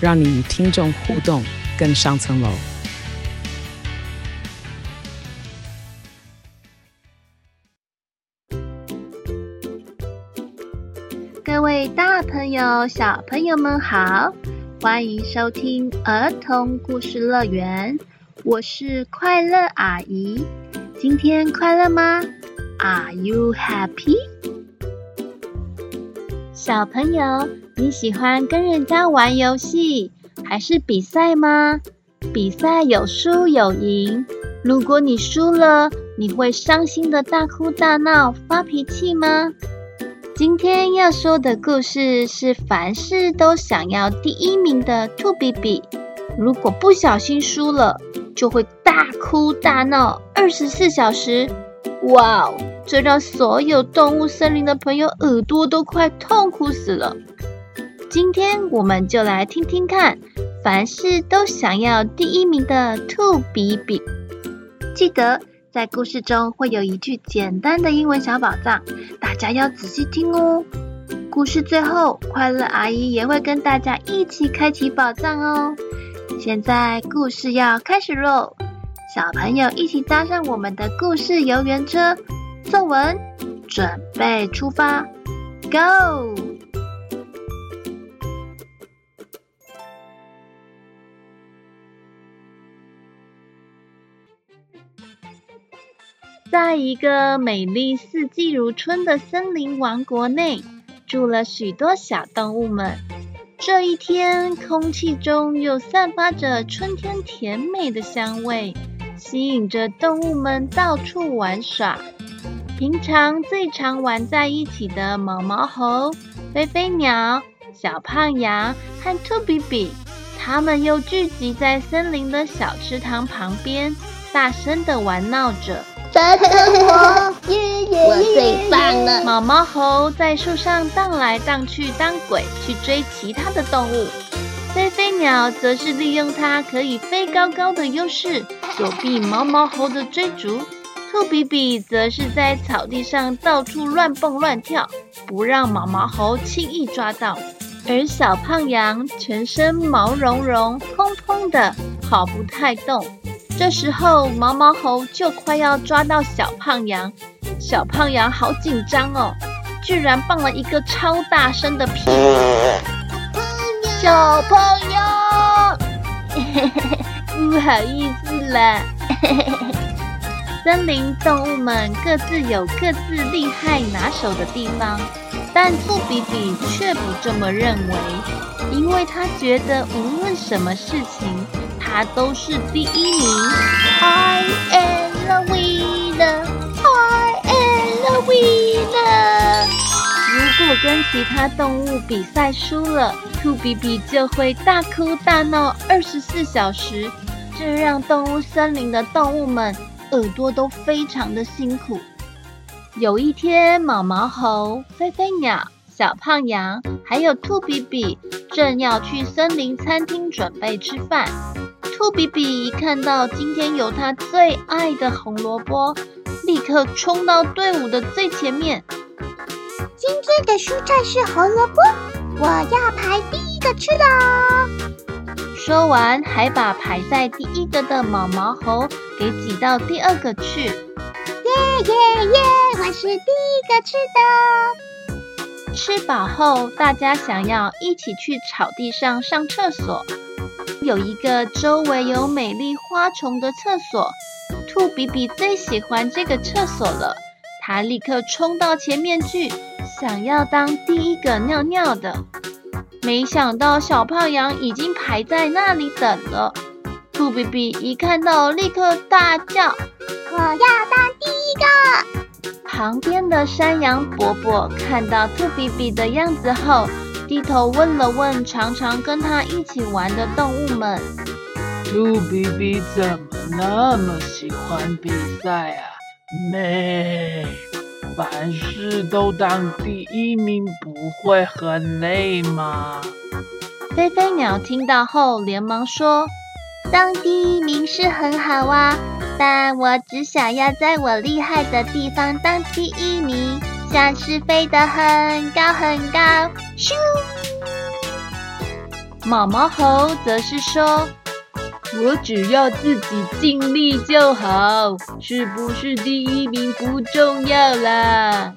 讓你與聽眾互動更上層樓。各位大朋友、小朋友們好，歡迎收聽兒童故事樂園，我是快樂阿姨。今天快樂嗎？Are you happy？小朋友，你喜歡跟人家玩遊戲還是比賽嗎？比賽有輸有贏，如果你輸了，你會傷心地大哭大鬧發脾氣嗎？今天要說的故事是凡事都想要第一名的兔比比，如果不小心輸了，就會大哭大鬧二十四小時。哇、wow！這讓所有動物森林的朋友耳朵都快痛苦死了。今天我們就來聽聽看，凡事都想要第一名的兔比比。記得在故事中會有一句簡單的英文小寶藏，大家要仔細聽哦。故事最後，快樂阿姨也會跟大家一起開啟寶藏哦。現在故事要開始嘍，小朋友一起搭上我們的故事遊園車。作文，準備出發，Go！在一個美麗四季如春的森林王國內，住了許多小動物們。這一天，空氣中又散發着春天甜美的香味，吸引着動物們到處玩耍。平常最常玩在一起的毛毛猴、飛飛鳥、小胖羊和兔比比，他們又聚集在森林的小池塘旁邊，大聲的玩鬧着。 我最棒了！毛毛猴在樹上盪來盪去，當鬼去追其他的動物；飛飛鳥則是利用它可以飛高高的優勢，躲避毛毛猴的追逐。兔比比則是在草地上到處亂蹦亂跳，不讓毛毛猴輕易抓到。而小胖羊全身毛茸茸、蓬蓬的，跑不太動。這時候毛毛猴就快要抓到小胖羊，小胖羊好緊張哦，居然放了一個超大聲的屁！小朋友，小朋友，不好意思啦。森林動物們各自有各自厲害拿手的地方，但兔比比卻不這麼認為，因為他覺得無論什麼事情，他都是第一名。I am the winner, I am the winner。如果跟其他動物比賽輸了，兔比比就會大哭大鬧二十四小時，這讓動物森林的動物們。耳朵都非常的辛苦。有一天，毛毛猴、飛飛鳥、小胖羊還有兔比比正要去森林餐廳準備吃飯。兔比比一看到今天有他最愛的紅蘿蔔，立刻衝到隊伍的最前面。今天的蔬菜是紅蘿蔔，我要排第一個吃了。說完，還把排在第一個的毛毛猴給擠到第二個去。耶耶耶！我是第一個吃的。吃飽後，大家想要一起去草地上上廁所。有一個周圍有美麗花叢的廁所，兔比比最喜歡這個廁所了。他立刻衝到前面去，想要當第一個尿尿的。沒想到小胖羊已經排在那裡等了，兔比比一看到立刻大叫：“我要當第一個！”旁邊的山羊伯伯看到兔比比的樣子後，低頭問了問常常跟他一起玩的動物們：“兔比比怎麼那麼喜歡比賽啊？”咩。凡事都當第一名，不會很累嗎？飛飛鳥聽到後連忙說：“當第一名是很好啊，但我只想要在我厲害的地方當第一名，像是飛得很高很高。”咻。毛毛猴則是說。我只要自己盡力就好，是不是第一名不重要啦。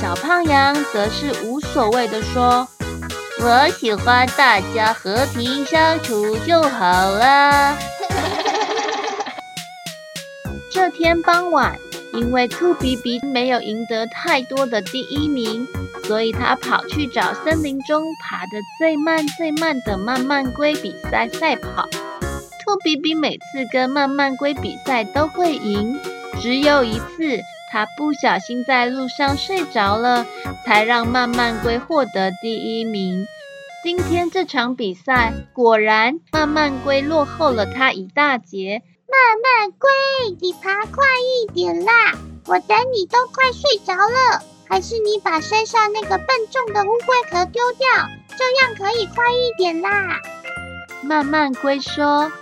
小胖羊則是無所謂的說：“我喜歡大家和平相處就好了。 ”這天傍晚，因為兔比比沒有贏得太多的第一名，所以他跑去找森林中爬得最慢、最慢的慢慢龜比賽賽跑。比比每次跟慢慢龜比賽都會贏，只有一次他不小心在路上睡着了，才讓慢慢龜獲得第一名。今天這場比賽果然慢慢龜落後了他一大截。慢慢龜，你爬快一點啦！我等你都快睡着了，還是你把身上那個笨重的烏龜殼丟掉，這樣可以快一點啦。慢慢龜說。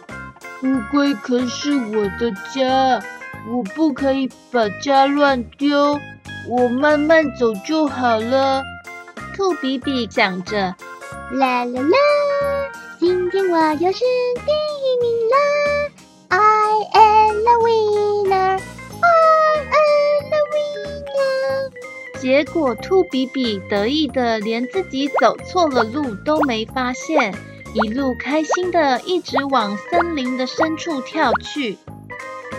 烏龜可是我的家，我不可以把家亂丟，我慢慢走就好了。兔比比想着啦啦啦，今天我又是第一名啦。I am the winner，I am the winner。結果兔比比得意的連自己走錯了路都沒發現。一路開心的，一直往森林的深處跳去。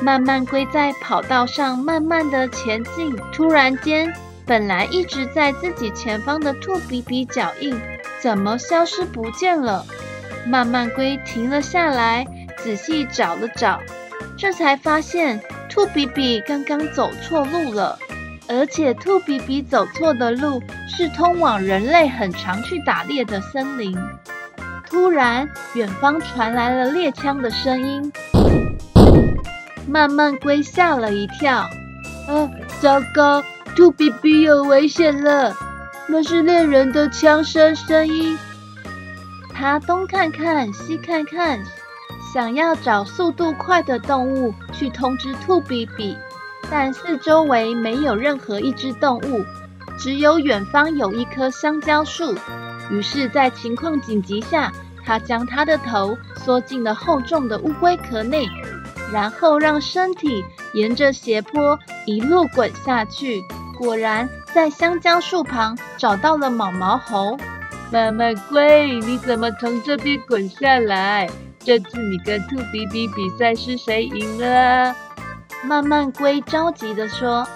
慢慢龜在跑道上慢慢的前進。突然間，本來一直在自己前方的兔比比腳印，怎麼消失不見了？慢慢龜停了下來，仔細找了找，這才發現兔比比剛剛走錯路了。而且兔比比走錯的路是通往人類很常去打獵的森林。突然，遠方傳來了獵槍的聲音，慢慢龜嚇了一跳。呃，糟糕，兔比比有危險了，那是獵人的槍聲聲音。他東看看，西看看，想要找速度快的動物去通知兔比比，但四周圍沒有任何一隻動物，只有遠方有一棵香蕉樹。於是，在情況緊急下，他將他的頭縮進了厚重的烏龜殼內，然後讓身體沿着斜坡一路滾下去。果然，在香蕉樹旁找到了毛毛猴。慢慢龜，你怎麼從這邊滾下來？這次你跟兔比比比比賽是誰贏了？慢慢龜着急地說：“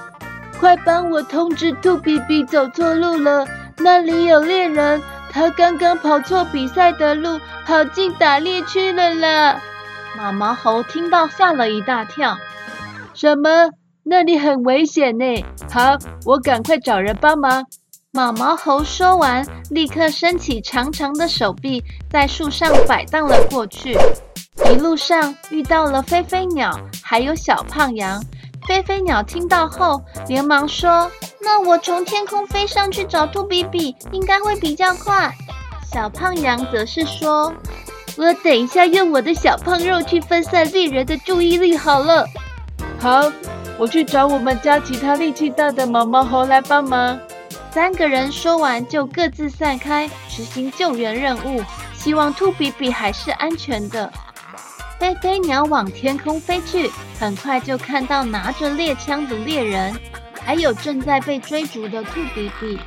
快幫我通知兔比比走錯路了，那裡有獵人。”他剛剛跑錯比賽的路，跑進打獵區了啦！毛毛猴聽到嚇了一大跳，什麼？那裡很危險呢！好，我趕快找人幫忙。毛毛猴說完，立刻伸起長長的手臂，在樹上擺盪了過去。一路上遇到了飛飛鳥，還有小胖羊。飛飛鳥聽到後，連忙說：“那我從天空飛上去找兔比比，應該會比較快。”小胖羊則是說：“我等一下用我的小胖肉去分散獵人的注意力，好了。”好，我去找我們家其他力氣大的毛毛猴來幫忙。三個人說完，就各自散開，執行救援任務，希望兔比比還是安全的。飛飛鳥往天空飛去，很快就看到拿着獵槍的獵人，還有正在被追逐的兔比比。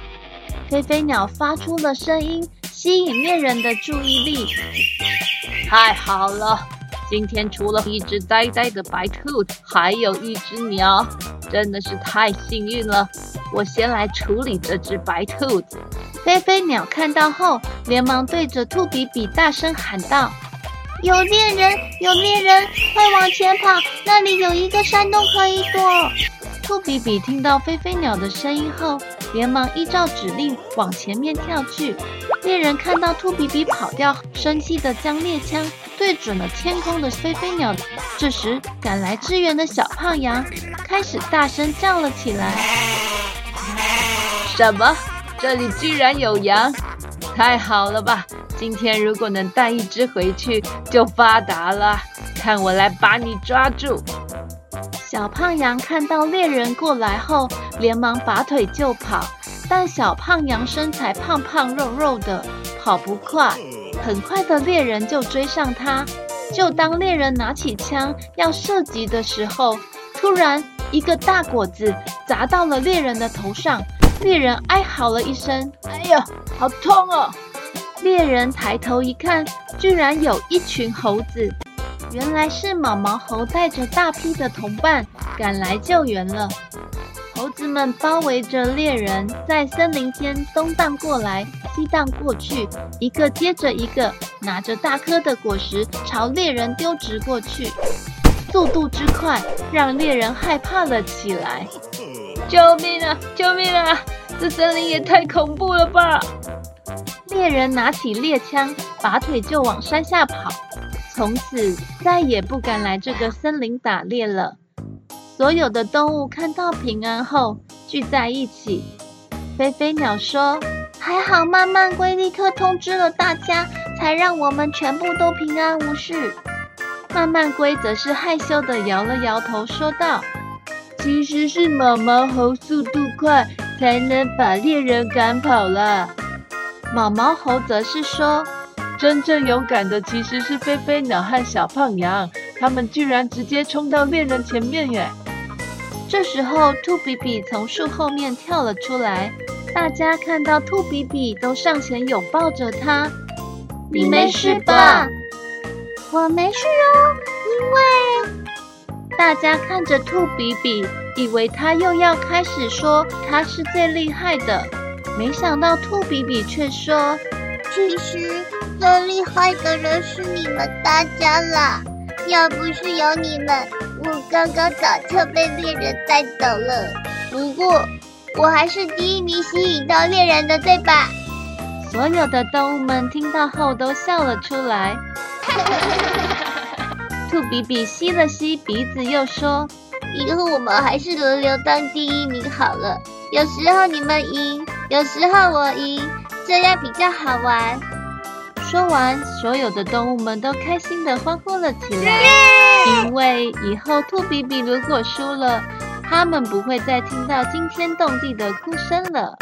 飛飛鳥發出了聲音，吸引獵人的注意力。太好了，今天除了一只呆呆的白兔子，還有一只鳥，真的是太幸運了。我先來處理這只白兔子。飛飛鳥看到後，連忙對着兔比比大聲喊道，有獵人，有獵人，快往前跑！那裡有一個山洞可以躲。兔比比聽到飛飛鳥的聲音後，連忙依照指令往前面跳去。獵人看到兔比比跑掉，生氣地將獵槍對準了天空的飛飛鳥。這時，趕來支援的小胖羊開始大聲叫了起來：“什麼？這裡居然有羊！”太好了吧！今天如果能帶一隻回去，就發達了。看我來把你抓住！小胖羊看到獵人過來後，連忙拔腿就跑。但小胖羊身材胖胖肉肉的，跑不快。很快的獵人就追上他。就當獵人拿起槍要射擊的時候，突然一個大果子砸到了獵人的頭上。獵人哀嚎了一聲：“哎呀，好痛哦！”獵人抬頭一看，居然有一群猴子。原來是毛毛猴帶着大批的同伴趕來救援了。猴子們包圍着獵人，在森林間東蕩過來，西蕩過去，一個接着一個，拿着大顆的果實朝獵人丟擲過去，速度之快，讓獵人害怕了起來。救命啊！救命啊！這森林也太恐怖了吧！獵人拿起獵槍，拔腿就往山下跑。從此再也不敢來這個森林打獵了。所有的動物看到平安後，聚在一起。飛飛鳥說：“還好，慢慢龜立刻通知了大家，才讓我們全部都平安無事。”慢慢龜則是害羞的搖了搖頭，說道。其實是毛毛猴速度快，才能把獵人趕跑了。毛毛猴則是說，真正勇敢的其實是飛飛鳥和小胖羊，他們居然直接衝到獵人前面耶！這時候，兔比比從樹後面跳了出來，大家看到兔比比都上前擁抱着他。你沒事吧？我沒事哦，因為。大家看着兔比比，以為他又要開始說他是最厲害的，沒想到兔比比卻說：“其實最厲害的人是你們大家啦！要不是有你們，我剛剛早就被獵人帶走了。不過我還是第一名吸引到獵人的，對吧？”所有的動物們聽到後都笑了出來。 兔比比吸了吸鼻子，又說：“以後我們還是輪流當第一名好了。有時候你們贏，有時候我贏，這樣比較好玩。”說完，所有的動物們都開心的歡呼了起來，因為以後兔比比如果輸了，他們不會再聽到驚天動地的哭聲了。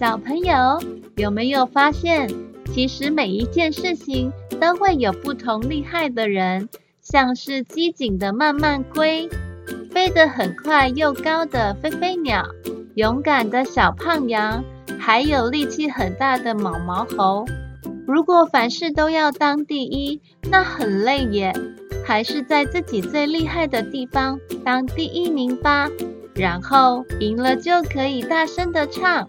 小朋友，有沒有發現，其實每一件事情都會有不同厲害的人，像是機警的慢慢龜，飛得很快又高的飛飛鳥，勇敢的小胖羊，還有力氣很大的毛毛猴。如果凡事都要當第一，那很累耶。還是在自己最厲害的地方當第一名吧，然後贏了就可以大聲地唱。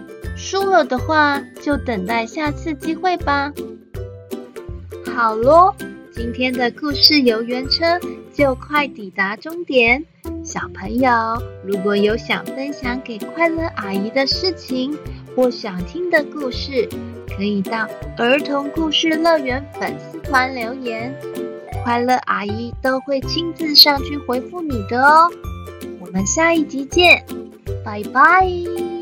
輸了的話，就等待下次機會吧。好咯，今天的故事遊園車就快抵達終點。小朋友，如果有想分享給快樂阿姨的事情，或想聽的故事，可以到兒童故事樂園粉絲團留言，快樂阿姨都會親自上去回復你的哦。我們下一集見，拜拜。